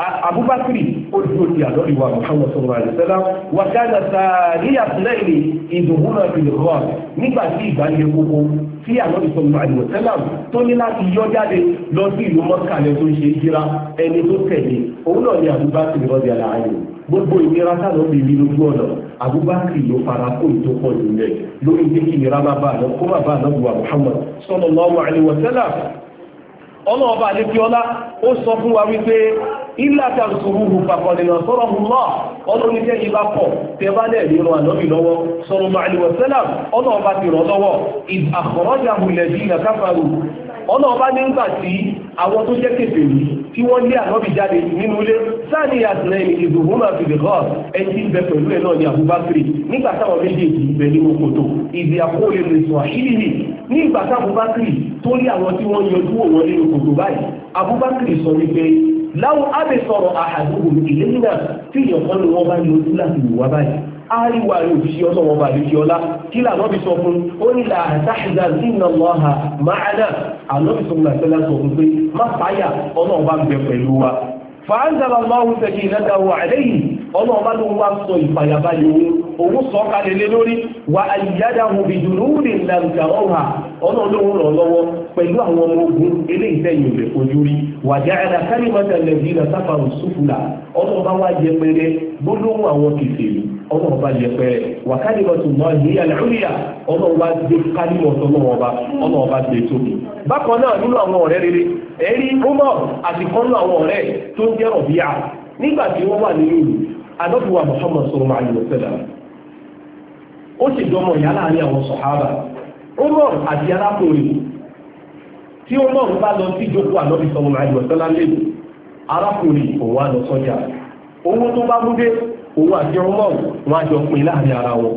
abubakiri ojú ti àlọ́ríwá muhammad sallallahu alaihi wasallam wà káàdà sàárìyà sílẹ̀lì ìdòwúrọ̀ ìdòwúrọ̀ nígbà tí ìgbàlẹ̀ gbogbo tí àlọ́rí sallallahu alaihi wasallam tó ní láti yọ jáde lọ sí ìlú mọ́kàlẹ̀ tó ń ṣe jíra ẹni tó tẹ̀lé òun náà ni abubakiri rọ́bì aláàyè gbogbo ìnira sáàlọ́ lè rí lójú ọ̀nà abubakiri ló fara kó ìtòpọ̀ nílẹ̀ lórí pé kí ìnira má bá àlọ́ kó má bá àlọ́ ọlọ́ọ̀bá àdékíọ́lá ó sọ fún wa wípé ìlàtà ìṣòrúhù pàkọ̀lẹ̀nà sọ́rọ̀ hùlọ́ ọlọ́nìjẹ́ ìbá pọ̀ tẹ́ bá lẹ̀ nínú ànọ́bì lọ́wọ́ sọ̀rọ̀ màálùwẹ̀sẹ́lá ọlọ́ọ̀bá ti rọ̀ ọ̀nà ọba nígbà tí àwọn tó jẹ́ kèfè yìí tí wọ́n lé ànọ́bì jáde nínú ilé sáàni àtìlẹ́ ìdìbò húnmà fìdíkọ́ ẹtí bẹ pẹ̀lú ẹ̀ náà ní Abubakri nígbà táwọn méjèèjì bẹ nínú kòtò ìdí àkóòlè lè sọ àṣírí ni nígbà tá Abubakri tó rí àwọn tí wọ́n yọjú òun nínú kòtò báyìí Abubakri sọ wípé láwọn abẹ sọ̀rọ̀ àhàdùn ìlẹ́yìn náà tí ìyọ̀kan ni wọ́n bá yọjú láti wù wá báyìí àríwá rẹ̀ òjíṣẹ́ ọlọ́wọ́ bá lè yọlá kí làwọn bí sọ fún ó ní là àtàṣìdá nínú a máàdà àlọ́bí sọ fún àtẹ́lá sọ fún pé má fàyà ọlọ́wọ́ bá ń bẹ pẹ̀lú wa fàánzàlá máwùn tẹ̀kì ọ wà lẹ́yìn ọlọ́wọ́ ló wá sọ ìfàyàbalẹ̀ òun òun sọ kalẹ̀ lé lórí wa ayyadahu bi junudin lam tarawha ọlọ́lọ́wọ́ ràn lọ́wọ́ pẹ̀lú àwọn ọmọ ogun eléyìí tẹ̀yìn rí ọlọ́run bá yẹpẹrẹ wà kalimatu Allahi hiya al-ulya ọlọ́run bá gbé kálímọ̀ ọba ọlọ́run bá gbé bákan náà nínú àwọn ọ̀rẹ́ rere ẹ̀rí Umar àti kọ́nú àwọn ọ̀rẹ́ tó ń jẹ́ Rabi'a nígbà tí wọ́n wà nínú ìlú ó sì dọ́mọ̀ àwọn Umar àti tí Umar bá lọ sí ìjókòó lẹ́nu arákùnrin òun lọ sọ́jà owó tó bá mú òun àti ọmọ wọn àjọ pin láàrin ara wọn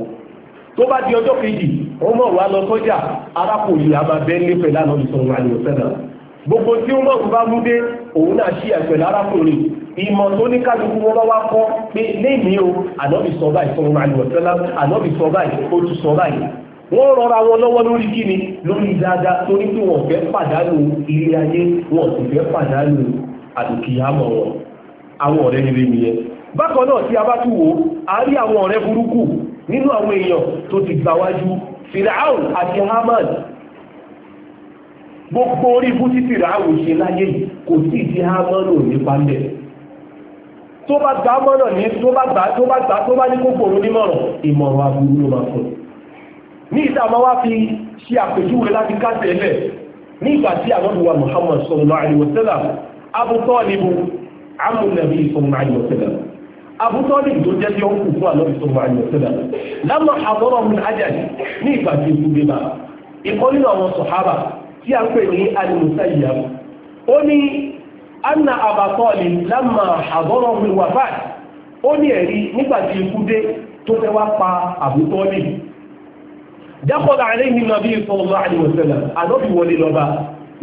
tó bá di ọjọ́ kejì ọmọ wa lọ sọ́jà arákùnrin àbábẹ́lé pẹ̀lú àná ìsọ̀rọ̀ àyọ̀sẹ́nà gbogbo tí ọlọ́run bá mú dé òun náà ṣí ẹ̀pẹ̀lú arákùnrin ìmọ̀ tó ní kálukú wọn bá wá kọ́ pé léèmí o ànábì sọ báyìí fún ọmọ ọ̀tẹ́lá ànábì sọ báyìí ó tún sọ báyìí wọ́n rọra wọn lọ́wọ́ lórí kíni lórí dáadáa torí pé wọ́n fẹ́ pàdánù ilé ayé wọ́n sì fẹ́ pàdánù àdùkìyàmọ̀ wọn àwọn ọ̀rẹ́ nílé nìyẹn bákan náà tí a bá tún a rí àwọn ọ̀rẹ́ burúkú nínú àwọn èèyàn tó ti gbàwájú firaun àti haman gbogbo orí ibú tí firaun ṣe láyé kò sí ìdí haman ò ní pálẹ̀ tó bá gbà mọ́nà ní tó bá gbà tó bá gbà tó bá ní gbogbo òun nímọ̀ràn ìmọ̀ràn aburú ló máa fún ní ìdámọ́ wá fi ṣe àpèjúwe láti kásẹ̀ ẹlẹ̀ ní ìgbà tí àwọ́dùwà Muhammad sallallahu alaihi wasallam Abu amúnàbí sallallahu alaihi abútọ́lì tó jẹ́ tí ó kù fún àlọ́bí tó wà ní ọ̀sẹ̀dà lámà àbọ̀rọ̀ mi ajáde ní ìgbà tí ó gbé bá ìkọ́ nínú àwọn sọ̀hábà tí a ń pè ní alimusa ìyá ó ní anna abatọ́lì lámà àbọ̀rọ̀ mi wà báyìí ó ní ẹ̀rí nígbà tí ikú dé tó fẹ́ wá pa àbútọ́lì dákọ̀lá àlẹ́ ní nàbí ìfọ̀lọ́ àdìwọ̀sẹ̀lá àlọ́bí wọlé lọ́ba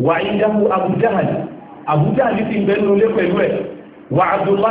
wà ìdáhù àbújáhàlì àbújáhàlì ti ń bẹ́ẹ̀ pẹ̀lú ẹ̀ wà àbdùlá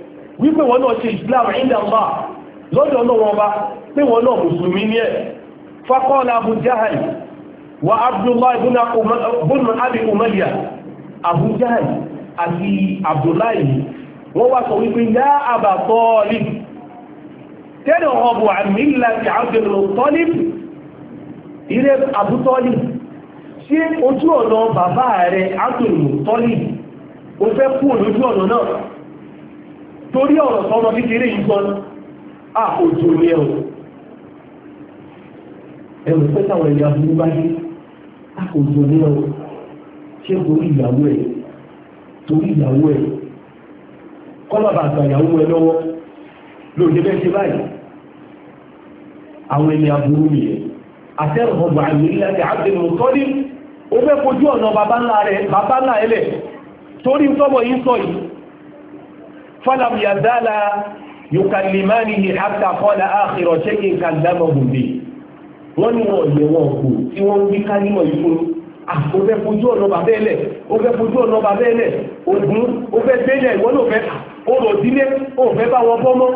wípé wọn náà ṣe islam ìdá ọba lọ́dọ̀ náà wọn bá pé wọn náà mùsùlùmí ní ẹ̀ fakọ́lá abu jahal wa abdullahi ibn abi umayya abu jahal àti abdullahi wọ́n wá sọ wípé yá àbà tọ́ọ̀lì tẹ́lẹ̀ ọ̀bù àmìlà ti àbẹ̀rẹ̀ ojú ọ̀nà bàbá rẹ̀ àbẹ̀rẹ̀ tọ́lì fẹ́ kú lójú ọ̀nà náà torí ọ̀rọ̀ sọ́rọ̀ kékeré ìgbọ́n àkójò ní ẹ̀rù ẹ̀rù pẹ́tàwọ̀ ẹ̀yà fún bá dé àkójò ní ẹ̀rù ṣé torí ìyàwó ẹ̀ torí ìyàwó ẹ̀ kọ́lábà àgbà ìyàwó ẹ̀ lọ́wọ́ ṣe báyìí àwọn ọgbà àmì falam yazala yukallimanihi hatta qala akhira shay'in kallamahu bi wọ́n ní wọ́n yẹ wọ́n kù tí wọ́n ń bí kálímọ̀ yìí fún ó ah, fẹ́ fojú ọ̀nà bàbá ẹlẹ̀ ó fẹ́ fojú ọ̀nà bàbá ẹlẹ̀ ògùn ó fẹ́ gbélẹ̀ ìwọ́n ló fẹ́ ó ah, rò dílé ó fẹ́ bá wọn bọ́mọ́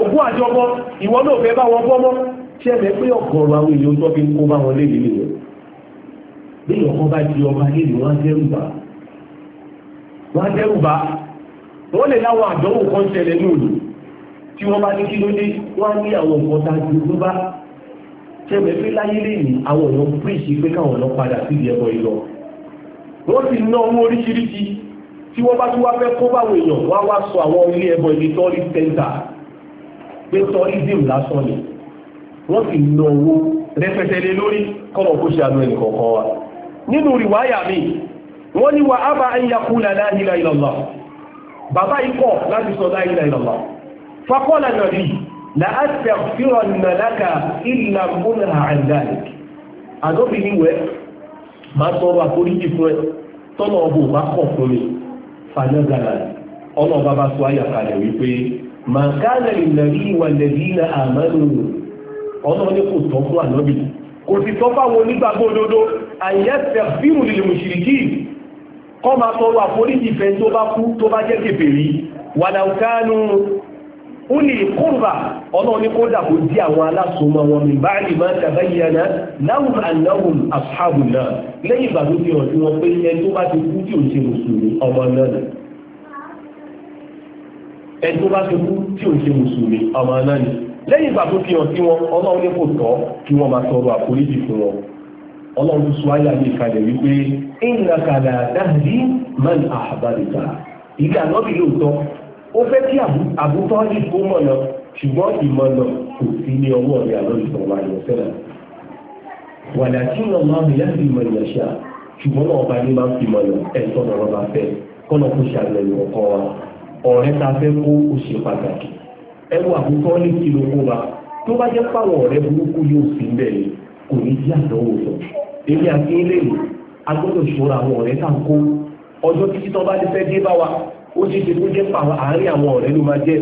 ògùn àjọmọ ìwọ́n ló fẹ́ bá wọn bọ́mọ́ tí ẹ̀fẹ́ pé ọ̀gọ̀rọ̀ àwọn èèyàn tó fi ń kó bá wọn lé nínú bí ọkọ bá di ọba nílùú wọn á dẹ́rù bá wọn á dẹ́rù bá wọ́n lè láwọn àdánwò kan ṣẹlẹ̀ ní òní tí wọ́n bá ní kí ló dé wọ́n ní àwọn nǹkan tá a ti ló bá tẹ́lẹ̀ pé láyé lẹ́yìn àwọn èèyàn pèsè pé káwọn lọ padà sí ìdí ẹ̀kọ́ ìlọ wọ́n sì ná owó oríṣiríṣi tí wọ́n bá tún wá fẹ́ kó báwọn èèyàn wá wá sọ àwọn ilé ẹbọ ilé tọ́rí tẹ́ńtà pé tọ́rí dìm lásán ni wọ́n sì ná owó rẹpẹtẹ lé lórí kọ́mọ̀ kó ṣe àánú ẹnì kọ̀ọ̀kan wa nínú rìwáyà mi wọ́n ní wa ábà ń yakú làlá ìlà ìlọ̀lọ̀ bàbá ikọ̀ láti sọ la ilaha illallah faqala nàbí la astaghfiranna laka illa múnà àìdáàlì àdóbi níwẹ̀ máa tọrọ àforíjì fún ẹ tọ́nà ọbọ̀ bá kọ̀ fún mi fanagala ọ̀nà ọba bá sọ àyàkalẹ̀ wípé màá kálẹ̀ ìlẹ̀rí ìwàlẹ̀rí na àmàlù ọ̀nà ní kò tọ́ fún kọ́ máa tọrọ àforíjì fẹ́ tó bá kú tó bá jẹ́ kèfèrí wàdàkánú ulì kúrùbà ọlọ́run ní kódà kó dí àwọn alásùnmọ́ wọn mi bá lè máa tàbáyàná láwùn àláwùn àṣàbù náà lẹ́yìn ìgbà tó fi hàn sí wọn pé ẹni tó bá ti kú tí ò ṣe mùsùlùmí ọmọ náà lẹ́yìn ìgbà tó fi hàn sí wọn ọlọ́run ní kò tọ́ kí wọ́n máa tọrọ àforíjì fún wọn ọlọ́run sọ ayé àyè ìkàlẹ̀ wípé ìnà kàlà dáhìí man àbáríta ìdí ànábì lóòótọ́ ó fẹ́ kí àbútọ́ ní kó mọ̀nà ṣùgbọ́n ìmọ̀nà kò sí ní ọwọ́ rẹ̀ ànábì sọ̀rọ̀ àyè ọ̀sẹ̀lẹ̀ wàdà tí ń lọ máa ń yá sí ìmọ̀ ìyàṣà ṣùgbọ́n náà ọba ní máa ń fi mọ̀nà ẹ̀tọ́ lọ́rọ́ bá fẹ́ kọ́nà kó ṣàlẹ̀ ọkọ̀ wa ọ̀rẹ́ ta fẹ́ kó o pàtàkì ẹwọ àbúkọ́ ní kí ló kó wa tó bá jẹ́ pàwọn ọ̀rẹ́ burúkú yóò sí bẹ́ẹ̀ kò ní jẹ́ àdánwò sọ̀rọ̀ èmi àti ilé yìí agbọ́dọ̀ ṣọ́ra àwọn ọ̀rẹ́ tá kó ọjọ́ títí tán bá ti fẹ́ dé bá wa ó ṣe ṣe kó jẹ́ àárín àwọn ọ̀rẹ́ ló máa jẹ́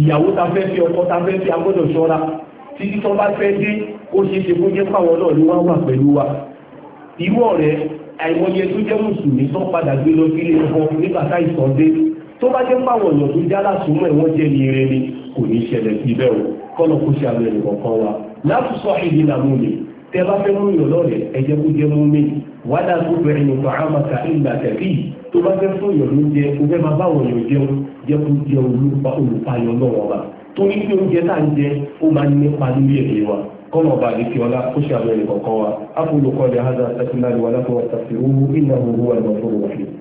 ìyàwó ta fẹ́ fi ọkọ ta fẹ́ fi agbọ́dọ̀ ṣọ́ra títí tán bá fẹ́ dé ó ṣe ṣe kó jẹ́ pàwọn náà ló wá wà pẹ̀lú wa irú ọ̀rẹ́ àìmọye tó jẹ́ mùsùlùmí tán padà gbé lọ sílé ọkọ nígbà tá ìsàn tó bá jẹ́ pàwọn ọ̀nà tó já lásùmọ̀ ẹ̀wọ́n jẹ́ ní ire ni kò ní ṣẹlẹ̀ síbẹ̀ o kọ́nà kó ṣe àbẹ̀rẹ̀ kọ̀ọ̀kan wa látúnṣọ́ ìdí làmúlẹ̀ tẹ bá fẹ́ mú yàn lọ́rẹ̀ ẹ̀jẹ̀ kó jẹ́ mú mi wàdà tó bẹ̀rẹ̀ nípa àmàkà ìgbà tẹ̀bí tó bá fẹ́ fún yàn ló jẹ kó fẹ́ máa báwọn yàn jẹun jẹ́ kó jẹ olùpayọ̀ náà wọ́n bá torí pé oúnjẹ tá à ń jẹ ó máa ń nípa lórí ẹ̀mí wa kọ́nà ọba àdìsí ọlá kó ṣe kọ̀ọ̀kan wa á fún olùkọ́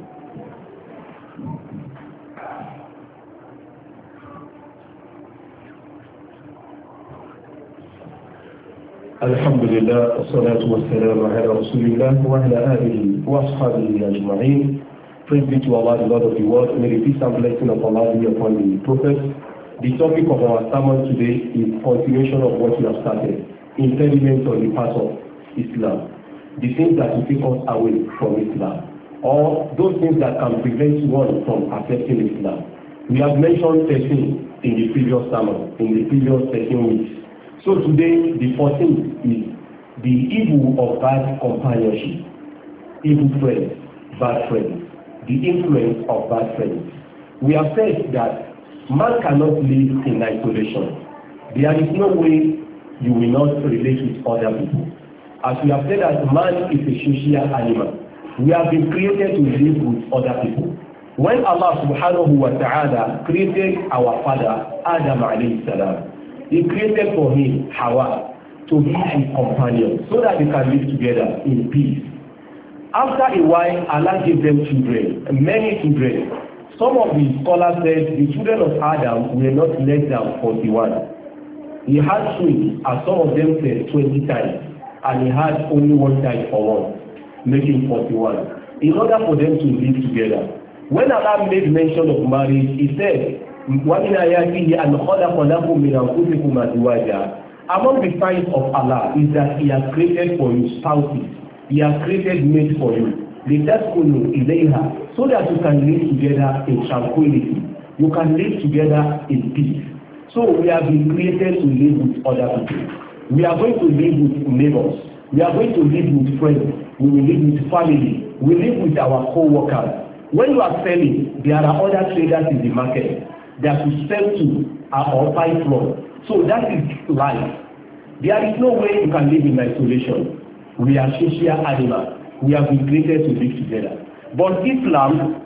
الحمد لله والصلاة والسلام على رسول الله وعلى آله وأصحابه أجمعين Praise be to Allah, the Lord of the world. May the peace and blessing of Allah be upon the Prophet. The topic of our sermon today is continuation of what we have started, impediments on the path of Islam, the things that will take us away from Islam, or those things that can prevent one from accepting Islam. We have mentioned 13 in the previous sermon, in the previous 13 weeks. So today, the 14th is the evil of bad companionship, evil friends, bad friends, the influence of bad friends. We have said that man cannot live in isolation. There is no way you will not relate with other people. As we have said that man is a social animal. We have been created to live with other people. When Allah subhanahu wa ta'ala created our father, Adam alayhi salam, he created for him Hawa to be his companion so that they can live together in peace. After a while, Allah gave them children, many children. Some of the scholars said the children of Adam were not less than 41. He had twins, as some of them said, 20 times, and he had only one child for one, making 41. In order for them to live together. When Allah made mention of marriage, he said, وَمِنْ آيَاتِهِ أَنْ خَلَقَ لَكُم مِّنْ أَنْفُسِكُمْ أَزْوَاجًا Among the signs of Allah is that He has created for you spouses. He has created mates for you. The Litaskunu her so that you can live together in tranquility. You can live together in peace. So we have been created to live with other people. We are going to live with neighbors. We are going to live with friends. We will live with family. We live with our co-workers. When you are selling, there are other traders in the market that you sell to are all buy from. So that is life. There is no way you can live in isolation. We are social animals. We have been created to live together. But Islam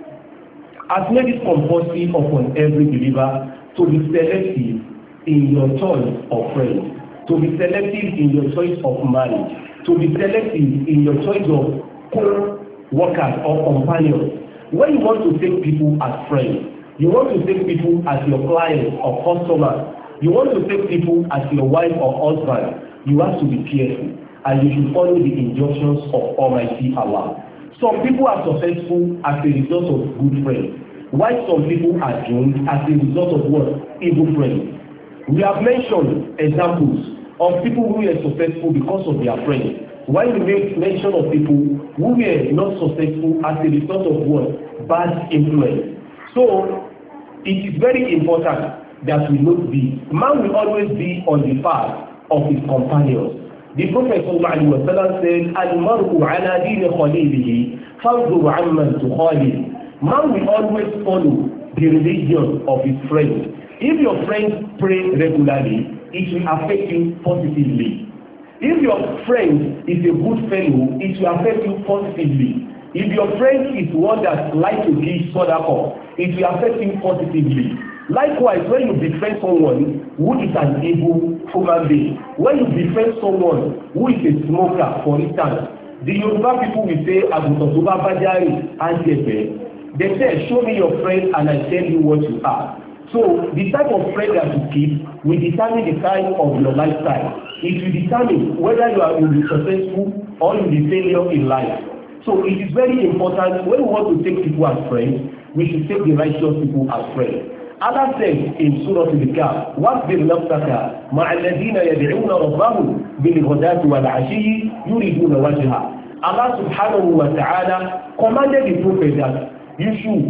has made it compulsory upon every believer to be selective in your choice of friends, to be selective in your choice of marriage, to be selective in your choice of co-workers or companions. When you want to take people as friends, you want to take people as your clients or customers, You want to take people as your wife or husband, you have to be careful and you should follow the injunctions of Almighty Allah. Some people are successful as a result of good friends, while some people are doomed as a result of what? Evil friends. We have mentioned examples of people who were successful because of their friends, while we make mention of people who were not successful as a result of what? Bad influence. So, it is very important that will not be, man will always be on the path of his companions. The Prophet sallallahu alaihi wasallam said, Al-mar'u ala dini khalilihi, fanzur amman tukhalil. Man will always follow the religion of his friend. If your friend pray regularly, it will affect you positively. If your friend is a good fellow, it will affect you positively. If your friend is one that likes to give sadaqa, it will affect you positively. Likewise, when you defend someone who is an evil human being, when you defend someone who is a smoker, for instance, the Yoruba people will say, Àgùntàn tó bá bá járe, á jẹ̀bẹ̀. They say, show me your friend and I tell you what you are. So the type of friend that you keep will determine the kind of your lifestyle. It will determine whether you are you will be successful or you will be failure in life. So it is very important when we want to take people as friends, we should take the righteous people as friends aláṣẹ ìṣúra tìlíkà wasbir nafsaka ma'a alladhina yad'una rabbahum bil-ghadati wal-'ashiyyi yuriduna wajhahu. Allah subhanahu wa ta'ala commanded the prophet that you should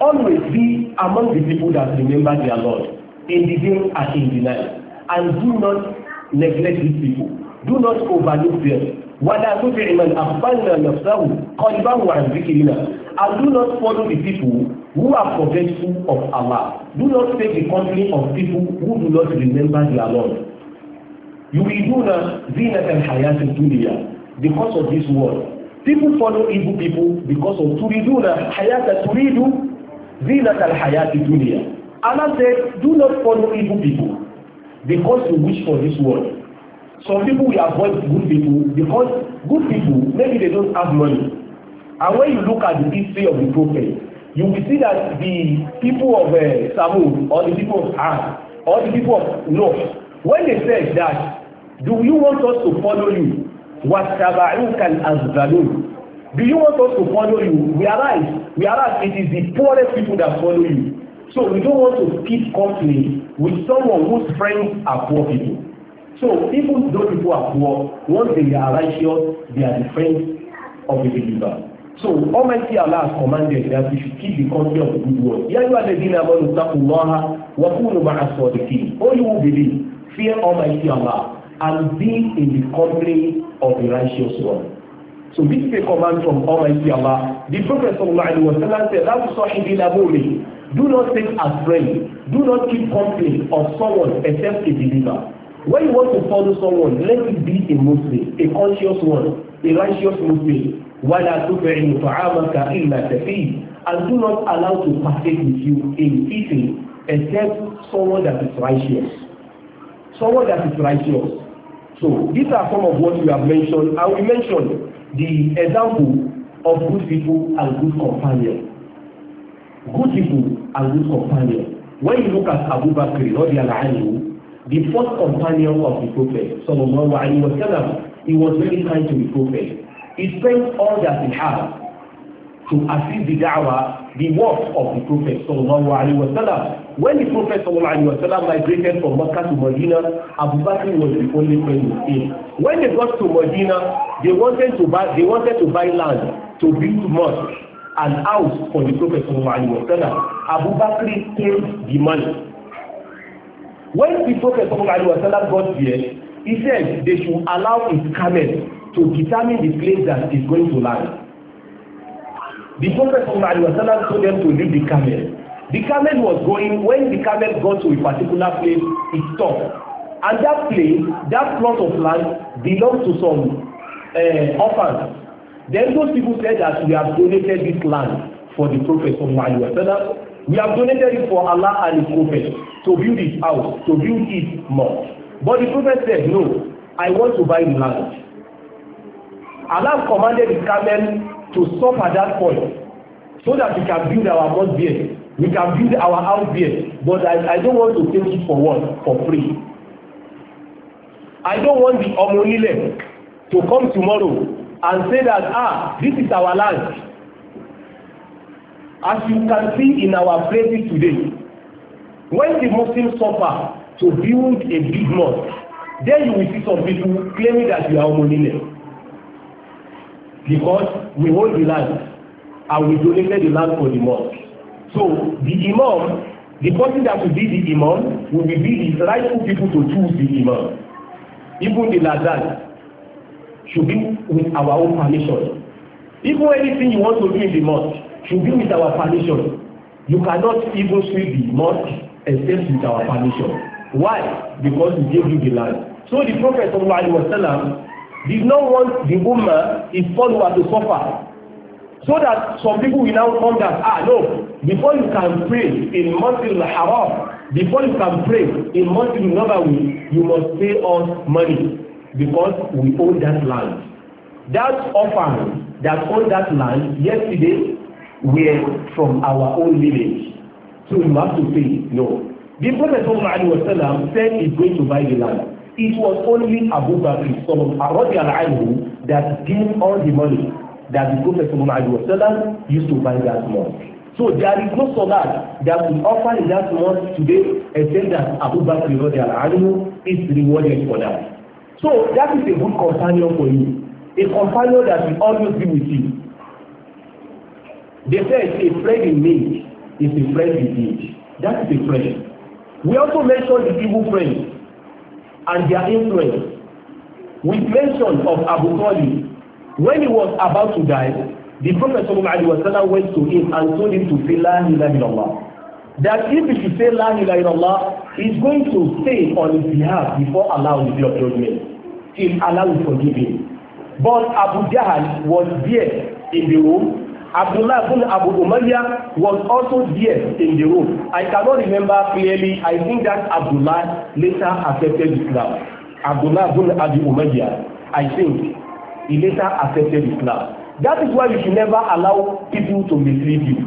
always be among the people that remember their Lord in the day and in the night. And do not neglect these people. Do not overlook them. ولا تُطِعْ مَنْ أَغْفَلْنَا نَفْسَهُ قَلْبَهُ عَنْ ذِكْرِنَا And do not follow the people who are forgetful of Allah. Do not take the company of people who do not remember their Lord. You do na Yuriduna zinatan hayati dunya because of this word. People follow evil people because of turiduna hayata turidu zinatan hayati dunya. Allah said, do not follow evil people because you wish for this world. Some people will avoid good people because good people, maybe they don't have money. And when you look at the history of the prophet, you will see that the people of uh, eh, Samud or the people of Ham or the people of Lot, when they said that, do you want us to follow you? وَاتَّبَعُوكَ الْأَزْبَلُونَ Do you want us to follow you? We are arise, we are arise, it is the poorest people that follow you. So we don't want to keep company with someone whose friends are poor people. So even though people are poor, once they are righteous, they are the friends of the believer. So Almighty Allah has commanded that we should keep the country of the good word. Ya ayyuha alladhina amanu taqullaha wa kunu the king. All you who believe, fear Almighty Allah and be in the company of the righteous one. So this is a command from Almighty Allah. The Prophet sallallahu alaihi wasallam said, "La tusahibil abuli." Do not take as friend. Do not keep company of someone except a believer. When you want to follow someone, let it be a Muslim, a conscious one, a righteous Muslim wala tubi'in ta'amaka illa tafi and do not allow to partake with you in eating except someone that is righteous someone that is righteous so these are some of what we have mentioned and we mentioned the example of good people and good companion good people and good companion when you look at Abu Bakr radiyallahu anhu the first companion of the prophet sallallahu alaihi wasallam he was very kind to the prophet He spent all that he had to assist the da'wah, the work of the Prophet sallallahu alaihi wasallam. When the Prophet sallallahu alaihi wasallam migrated from Makkah to Medina, Abu Bakr was the only friend with him. When they got to Medina, they wanted to buy they wanted to buy land to build mosque and house for the Prophet sallallahu alaihi wasallam. Abu Bakr paid the money. When the Prophet sallallahu alaihi wasallam got there, he said they should allow his camel to determine the place that is going to land. The Prophet Muhammad told them to leave the camel. The camel was going, when the camel got to a particular place, it stopped. And that place, that plot of land belonged to some uh, orphans. Then those people said that we have donated this land for the Prophet Muhammad. We have donated it for Allah and the Prophet to build his house, to build his mosque. But the Prophet said, no, I want to buy the land. Allah commanded the camel to stop at that point so that we can build our mud beard we can build our house beard but I, I don't want to take it for what for free I don't want the omonile to come tomorrow and say that ah this is our land as you can see in our places today when the Muslims suffer to build a big mosque then you will see some people claiming that you are omonile because we hold the land and we donated the land for the mosque. So the imam, the person that will be the imam will be the rightful people to choose the imam. Even the ladan should be with our own permission. Even anything you want to do in the mosque should be with our permission. You cannot even sweep the mosque except with our permission. Why? Because we gave you the land. So the Prophet sallallahu alaihi wasallam did not want the woman is follower to suffer so that some people will now come down ah no before you can pray in Masjidil Haram before you can pray in Masjidil Nabawi you must pay us money because we own that land that orphan that own that land yesterday were from our own village so we have to pay no the Prophet sallallahu alaihi wasallam said is going to buy the land It was only Abu Bakr anhu that gave all the money that the Prophet Muhammad used to buy that month. So there is no salah that we offer in that month today except that Abu Bakr anhu is rewarded for that. So that is a good companion for you. A companion that will always be with you. They say a friend in need is a friend in need. That is a friend. We also mention the evil friend and their influence. With mention of Abu Talib, when he was about to die, the Prophet ﷺ went to him and told him to say La ilaha illallah. That if he should say La ilaha illallah, he's going to stay on his behalf before Allah on the of judgment, till Allah will forgive him. But Abu Jahl was there in the room Abdullah ibn Abu Umayyah was also there in the room. I cannot remember clearly. I think that Abdullah later accepted Islam. Abdullah ibn Abu Umayyah, I think he later accepted Islam. That is why you should never allow people to mislead you.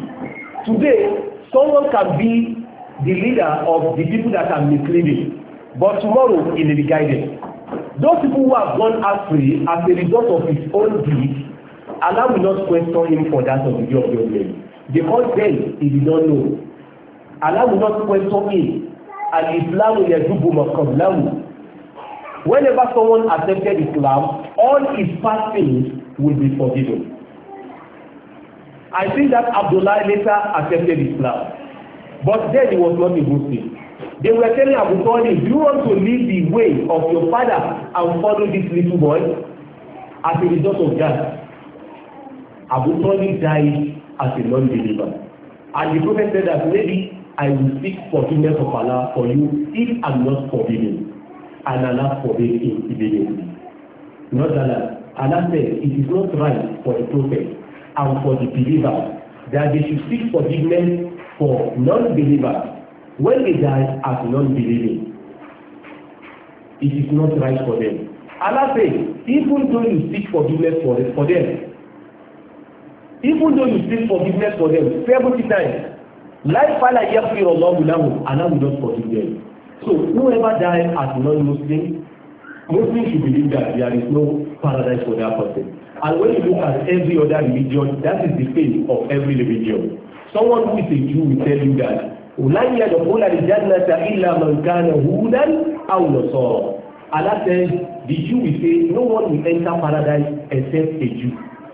Today, someone can be the leader of the people that are misleading, but tomorrow he will be guided. Those people who have gone astray as a result of his own deeds Allah will not question him for that of the day of judgment because then he did not know Allah will not question him al-Islam yajubu maqablahu whenever someone accepted Islam all his past sins will be forgiven I think that Abdullah later accepted Islam but then he was not a Muslim they were telling Abu Talib do you want to leave the way of your father and follow this little boy as a result of that Abu Talib died as a non-believer. And the prophet said that maybe I will seek forgiveness of Allah for you if I'm not forgiven. And Allah forgave him immediately. Not Allah. Allah said it is not right for the prophet and for the believer that they should seek forgiveness for non-believers when they die as non-believing. It is not right for them. Allah says even though you seek forgiveness for, for them even though you seek forgiveness for them seventy times life fala yafir Allahu lahu Allah will just forgive them so whoever die as non-Muslim Muslim should believe that there is no paradise for that person and when you look at every other religion that is the faith of every religion someone who is a Jew will tell you that lan yadkhula al-jannata illa man kana hudan aw nasara Allah says the Jew will say no one will enter paradise except a Jew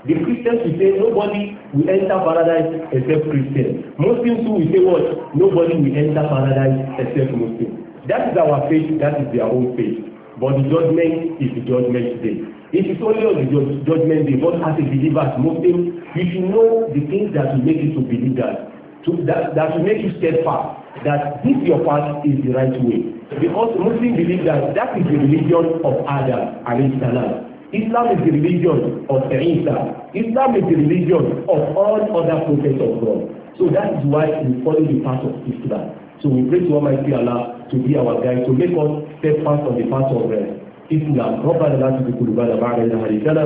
The Christians will say nobody will enter paradise except Christians. Muslims who will say what? Nobody will enter paradise except Muslims. That is our faith, that is their own faith. But the judgment is the judgment day. It is only on the judgment day, but as a believer, as Muslim, you should know the things that will make you to believe that, to, that, that will make you steadfast, that this your path is the right way. Because Muslims believe that that is the religion of Adam, alayhi salam. Islam is the religion of the Isa. Islam is the religion of all other prophets of God. So that is why we follow the path of Islam. So we pray to Almighty Allah to be our guide, to make us step steadfast on the path of uh, Islam. ربنا لا تزغ قلوبنا بعد إذ هديتنا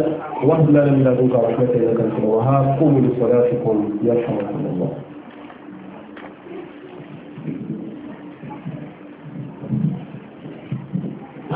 وهب لنا من لدنك رحمة إنك أنت الوهاب قوموا لصلاتكم يرحمكم الله